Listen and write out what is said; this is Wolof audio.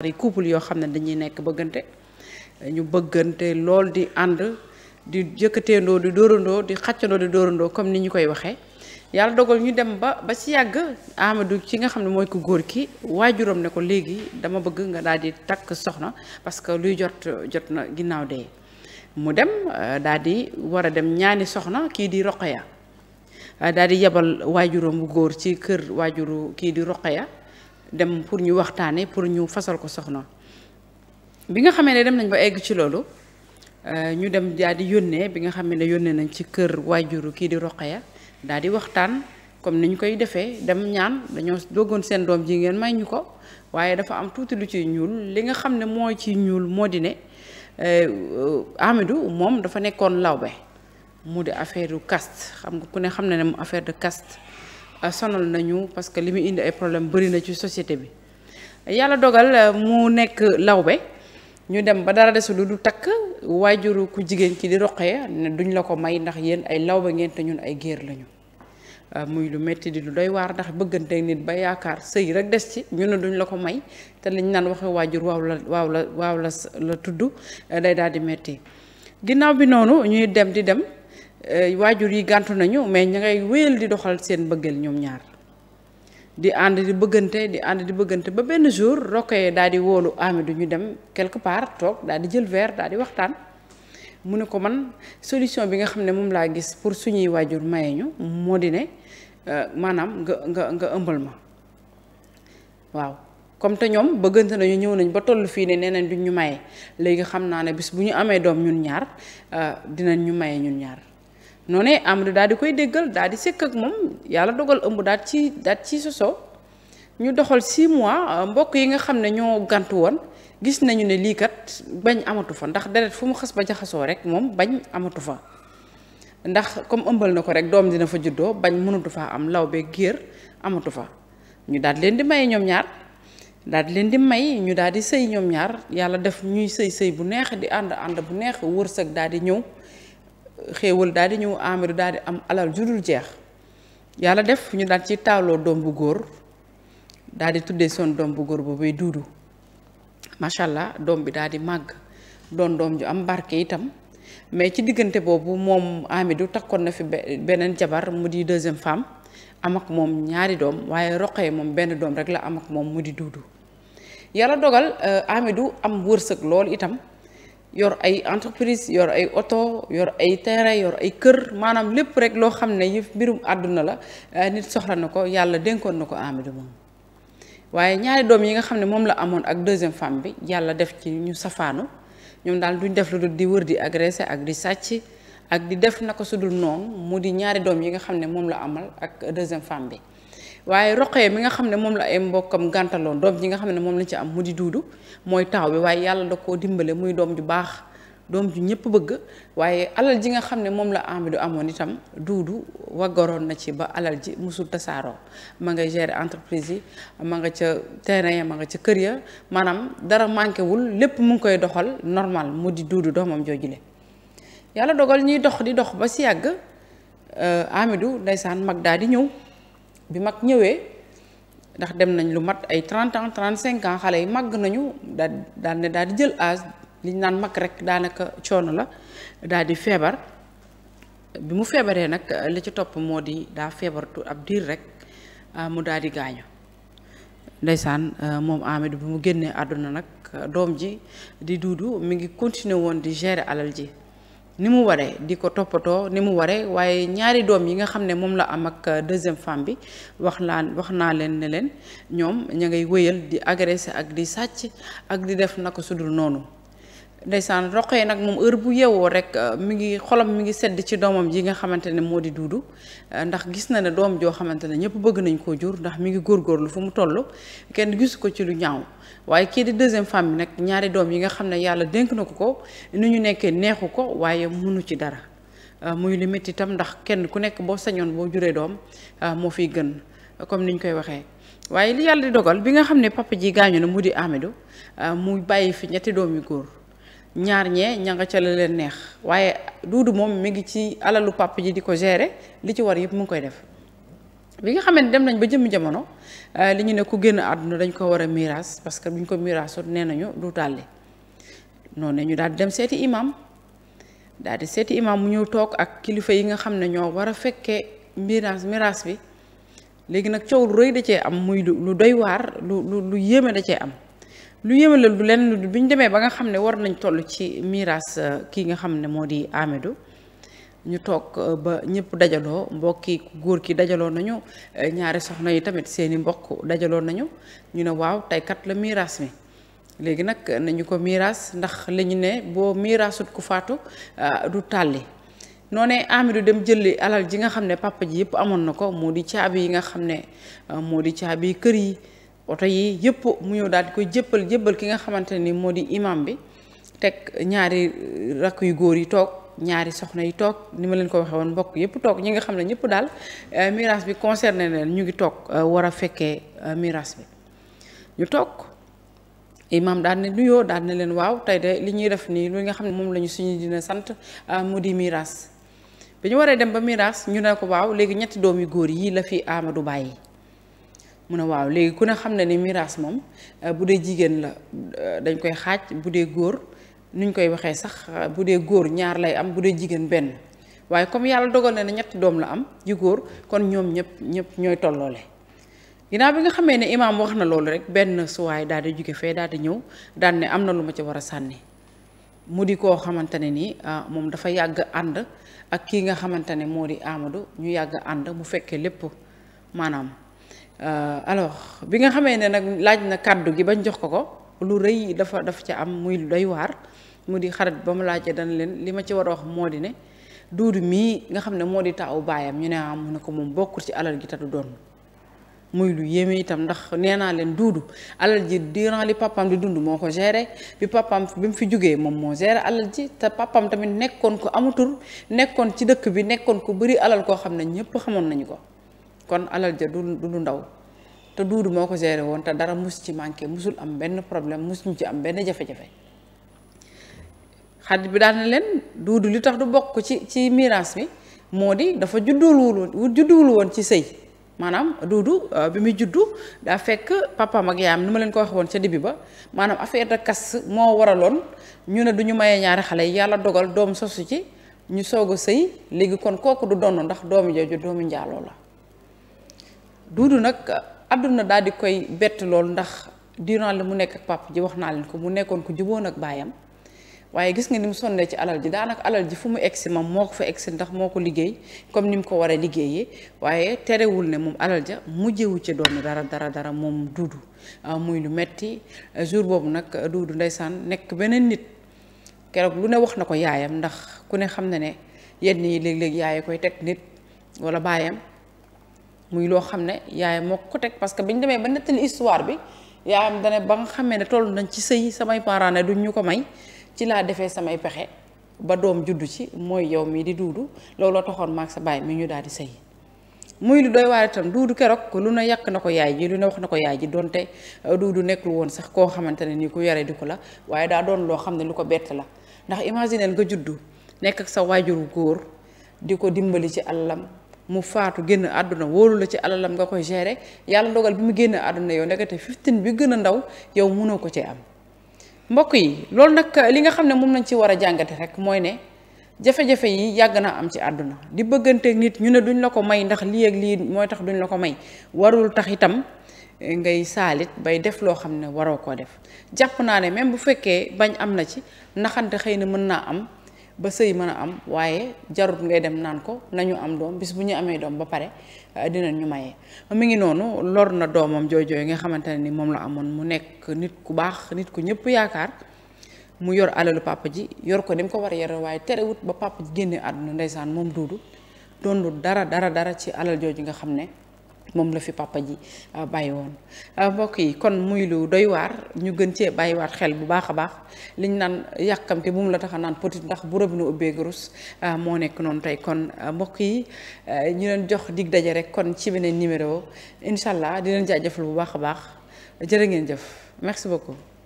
ñaari couple yoo xam ne dañuy nekk bëggante ñu bëggante lool di ànd di yëkkateendoo di dóorandoo di xàccandoo di dóorandoo comme ni ñu koy waxee yàlla dogal ñu dem ba ba ci yàgg amadu ci nga xam ne mooy ko góor ki waajuram ne ko léegi dama bëgg nga daal di takk soxna parce que luy jot jot na ginnaaw dee mu dem euh, daal di war a dem ñaani soxna kii di Roqaya daal di yebal waajuram góor ci kër waajuru kii di roq ya dem pour ñu waxtaanee pour ñu fasal ko soxna bi nga xamee ne dem nañ ba egg ci loolu euh, ñu dem daal di yónnee bi nga xamee ne yónnee nañ ci kër waajuru kii di Roqaya daal di waxtaan comme ni ñu koy defee dem ñaan dañoo doggoon seen doom ji ngeen may ñu ko waaye dafa am tuuti lu ci ñuul li nga xam ne moo ci ñuul moo di ne euh, Amidou moom dafa nekkoon lawbe mu di affaire u caste xam nga ku ne xam na ne mu affaire de caste. Euh, sonal nañu parce que li muy indi ay problème bëri na ci société bi yàlla dogal euh, mu nekk lawbe ñu dem ba dara desul lu du takk waajuru ku jigéen ki di roqee ne duñ la ko may ndax yéen ay lawbe ngeen te ñun ay géer lañu euh, muy lu metti di lu doy waar ndax bëggante nit ba yaakaar sëy rek des ci ñu ne duñ la ko may te liñ naan waxe waajur waaw la waaw la waaw la la tudd day daal di metti ginnaaw bi noonu ñuy dem di dem Eh, waajur yi gàntu nañu mais ña ngay wéyal di doxal seen bëggeel ñoom ñaar di ànd di bëggante di ànd di bëggante ba benn jour Rokhaya daal di woolu du ñu dem quelque part toog daal di jël verre daal di waxtaan mu ne ko man solution bi nga xam ne moom laa gis pour suñuy waajur maye ñu moo di ne eh, maanaam nga nga nga ëmbal ma waaw comme te ñoom bëggante nañu ñëw nañ ba toll fii ne nee nañ duñ ñu maye léegi xam naa ne bis bu ñu amee doom ñun ñaar eh, dinañ ñu maye ñun ñaar noonee Amadou daal di koy déggal daal di sëkk ak moom yàlla dogal ëmb daal ci daal ci sosoo ñu doxal 6 mois euh, mbokk yi nga xam ne ñoo gàntu woon gis nañu ne lii kat bañ amatu fa ndax deret fu mu xas ba jaxasoo rek moom bañ amatu fa ndax comme ëmbal na ko rek doom dina fa juddoo bañ mënatu faa am law be géer amatu fa ñu daal di leen di may ñoom ñaar daal di leen di may ñu daal di sëy ñoom ñaar yàlla def ñuy sëy sëy bu neex di ànd ànd bu neex wërsëg daal di ñëw xéewal daal di ñëw Amadou daal di am alal ju dul jeex yàlla def ñu daal ci taaloo doom bu góor daal di tuddee son doom bu góor boobu duudu macha allah doom bi daal di màgg doon doom ju am barke itam mais ci diggante boobu moom Amidou takkoon na fi beneen jabar mu di deuxième femme am ak moom ñaari doom waaye roqee moom benn doom rek la am ak moom mu di duudu yàlla dogal euh, Amidou am wërsëg lool itam. yor ay entreprise yor ay oto yor ay terrain yor ay kër maanaam lépp rek loo xam ne yëf mbirum àdduna la eh, nit soxla na ko yàlla dénkoon na ko Amidou moom waaye ñaari doom yi nga xam ne moom la amoon ak deuxième femme bi yàlla def ci ñu safaanu ñoom daal duñ def lu dul di wër di agressé ak di sàcc ak di def naka su dul noonu mu di ñaari doom yi nga xam ne moom la amal ak deuxième femme bi waaye roqee mi nga xam ne moom la ay mbokkam gàntaloon doom ji nga xam ne moom lañ ci am mu di duudu mooy taaw bi waaye yàlla da koo dimbale muy doom ju baax doom ju ñëpp bëgg waaye alal ji nga xam ne moom la Amidou amoon itam duudu waggoroon na ci ba alal ji musul tasaaroo ma nga gérer entreprise yi ma nga ca terrain ma nga ca kër ya maanaam dara manqué wul lépp mu ngi koy doxal normal mu di duudu doomam joojule yàlla dogal ñuy dox di dox ba si yàgg euh, Amidou ndeysaan mag daal di ñëw bi mag ñëwee ndax dem nañ lu mat ay 30 ans 35 ans xale yi màgg nañu daal daal ne daal di jël âge liñ naan mag rek daanaka coono la daal di feebar bi mu feebaree nag li ci topp moo di daa feebartu ab diir rek ah, mu daal di gaañu ndeysaan ah, moom Amady bi mu génnee àdduna nag doom ji di duudu mu ngi continuer woon di gérer alal ji ni mu waree di ko toppatoo ni mu waree waaye ñaari doom yi nga xam ne moom la am ak euh, deuxième femme bi wax naa wax naa leen ne leen ñoom ña ngay wëyal di agresser ak di sàcc ak di def naka sudul noonu ndeysaan roqee nag moom heure bu yewoo rek euh, mi ngi xolam mi ngi sedd ci doomam ji nga xamante ne moo di duudu euh, ndax gis na ne doom joo xamante ne ñëpp bëgg nañ koo jur ndax mi ngi góorgóorlu fu mu toll kenn gisu ko ci lu ñaaw waaye kii di deuxième femme bi nag ñaari doom yi nga xam ne yàlla dénk na ko ko ni ñu nekkee neexu ko waaye mënu ci dara euh, muy li métti itam ndax kenn ku nekk boo sañoon boo juree doom moo fiy gën comme ni ñu koy waxee waaye li yàlla di dogal bi nga xam ne papa ji gaañu na mu di Amidou mu bàyyi fi ñetti doom yi góor ñaar ñee ña nga ca la leen neex waaye duudu moom mi ngi ci alalu papa ji di ko gérer li ci war yëpp mu ngi koy def bi nga xamante dem nañ ba jëm jamono euh, li ñu ne ku génn àdduna dañ ko war a miiras parce que bu ñu ko miiraasoon nee nañu du tàlli noonu ne ñu daal di dem seeti imam daal di seeti imam mu ñëw toog ak kilifa yi nga xam ne ñoo war a fekkee miiras miiras bi léegi nag coow lu rëy da cee am muy lu doy waar lu lu lu yéeme da cee am. lu yëmalal du leen lu bi ñu demee ba nga xam ne war nañ tollu ci miiras euh, kii nga xam ne moo di amidu ñu toog euh, ba ñëpp dajaloo mbokki góor ki dajaloo nañu euh, ñaari soxna yi tamit seeni mbokk dajaloo nañu ñu ne waaw tey kat la miiras mi léegi nag nañu ko miiras ndax lañu ne boo miirasut ku faatu du tàlli noonee Amadou dem jëli alal ji nga xam ne papa ji yëpp amoon na ko moo di caabi yi nga xam ne moo di caabi kër yi oto yii yëpp mu ñëw daal di koy jëppal jëppal ki nga xamante ni moo di imam bi teg ñaari uh, rakk yu góor yi toog ñaari soxna yi toog ni ma leen ko waxee mbokk yëpp toog ñi nga xam ne ñëpp daal uh, miraas bi concerné leen ñu ngi toog uh, war a fekkee miraas bi ñu toog imam daal ne nuyoo daal ne leen waaw tey de li ñuy def nii lu nga xam ne moom la ñu suñu dina sant mu di miraas bi waree dem ba miraas ñu ne ko waaw léegi ñetti doom yu góor yi la fi Amadou bàyyi mu ne waaw léegi ku ne xam ne ni miraas moom euh, bu dee jigéen la euh, dañ koy xaaj bu dee góor nuñ koy waxee sax euh, bu dee góor ñaar lay am bu dee jigéen benn waaye comme yàlla dogal ne na ne ñetti doom la am ji góor kon ñoom ñëpp ñëpp ñooy tolloole ginnaaw bi nga xamee ne imaam wax na loolu rek benn suwaay daal di jóge fee daal di ñëw daal ne am na lu ma ci war a sànni mu di koo xamante ne ni ah, moom dafa yàgg ànd ak kii nga xamante ne moo di Amadou ñu yàgg ànd bu fekkee lépp maanaam Euh, alors bi nga xamee ne nag laaj na kàddu gi bañ jox ko ko lu rëy dafa daf ca am muy day waar mu di xarit ba mu laajee dana leen li ma ci war a wax moo di ne duudu mii nga xam ne moo di taaw baayam ñu ne am ah, mu ko moom bokkul ci alal gi te du don muy lu yéeme itam ndax nee naa leen duudu alal ji durant li papam di dund moo ko géré bi papam bi mu fi jógee moom moo géré alal ji te papam tamit nekkoon ko amutur nekkoon ci dëkk bi nekkoon ko bari alal koo xam ne ñëpp xamoon nañu ko kon alal ja du lu ndaw te duudu moo ko géré woon te dara mus ci manqué musul am benn problème musuñu ci am benn jafe-jafe xarit bi daal na leen duudu li tax du bokk ci ci miraas bi moo di dafa judduwul woon judduwul woon ci sëy maanaam duudu euh, bi muy juddu daa fekk papaam ak yaayam ni ma leen ko wax woon ca dibi ba maanaam affaire de caste moo waraloon ñu ne du ñu mayee ñaari xale yi yàlla dogal doom sosu ci ñu soog a sëy léegi kon kooku du donn ndax doomi jooju doomi njaaloo la duudu nag àdduna daal di koy bett loolu ndax durant li mu nekk ak papa ji wax naa leen ko mu nekkoon ko juboon ak baayam waaye gis nga ni mu sonnee ci alal ji daanaka alal ji fu mu egsi moom moo ko fa egsi ndax moo ko liggéey comme ni mu ko war a liggéeyee waaye terewul ne moom alal ja mujjewu ci doon dara dara dara moom duudu ah, muy lu metti jour boobu nag duudu ndeysaan nekk beneen nit keroog lu ne wax na ko yaayam ndax ku ne xam ne ne yenn yi léeg-léeg yaay koy teg nit wala baayam muy loo xam ne yaayam moo ko teg parce que bi ñu demee ba nettali histoire bi yaayam dane ba nga xamee ne toll nañ ci sëy samay parents ne duñ ñu ko may ci laa defee samay pexe ba doom juddu ci mooy yow mii di duudu looloo taxoon maag sa baay mii ñu daal di sëy muy lu doy waar itam duudu keroog lu na yàq na ko yaay ji lu ne wax na ko yaay ji donte euh, duudu nekkul woon sax koo xamante ne nii ku yore di ko la waaye daa doon loo xam ne lu ko bett la ndax imaginer nga juddu nekk ak sa waajuru góor di ko dimbali ci àllam mu faatu génn àdduna wóolu la ci alalam nga koy gérer yàlla dogal bi mu génn àdduna yow ndekete 15 bi gën a ndaw yow mënoo ko ci am mbokk yi loolu nag li nga xam ne moom lañ ci war a jàngate rek mooy ne jafe-jafe yi yàgg naa am ci àdduna di bëgganteeg nit ñu ne duñ la ko may ndax lii ak lii mooy tax duñ la ko may warul tax itam ngay saalit bay def loo xam ne waroo koo def jàpp naa ne même bu fekkee bañ am na ci naxante xëy na mën naa am ba sëy mën a am waaye jarut ngay dem naan ko nañu am doom bis bu ñu amee doom ba pare ah, dinañ ñu maye mi ngi noonu lor na doomam yi nga xamante ne ni moom la amoon mu nekk nit ku baax nit ku ñëpp yaakaar mu yor alalu papa ji yor ko ni mu ko war yore waaye terewut ba papa ji génne àdduna ndeysaan moom duudu doonul dara dara dara ci alal jooju nga xam ne moom la fi papa ji euh, bàyyi woon euh, mbokk yi kon muy lu doy waar ñu gën cee bàyyiwaat xel bu baax a baax liñ naan yàkkamte bu mu la tax a naan petit ndax bu rëb na ubbee gurus euh, moo nekk noonu tey kon mbokk yi ñu leen jox dig daje rek kon ci beneen numéro incha allah di leen jaajëfal bu baax a baax jërë ngeen jëf merci beaucoup.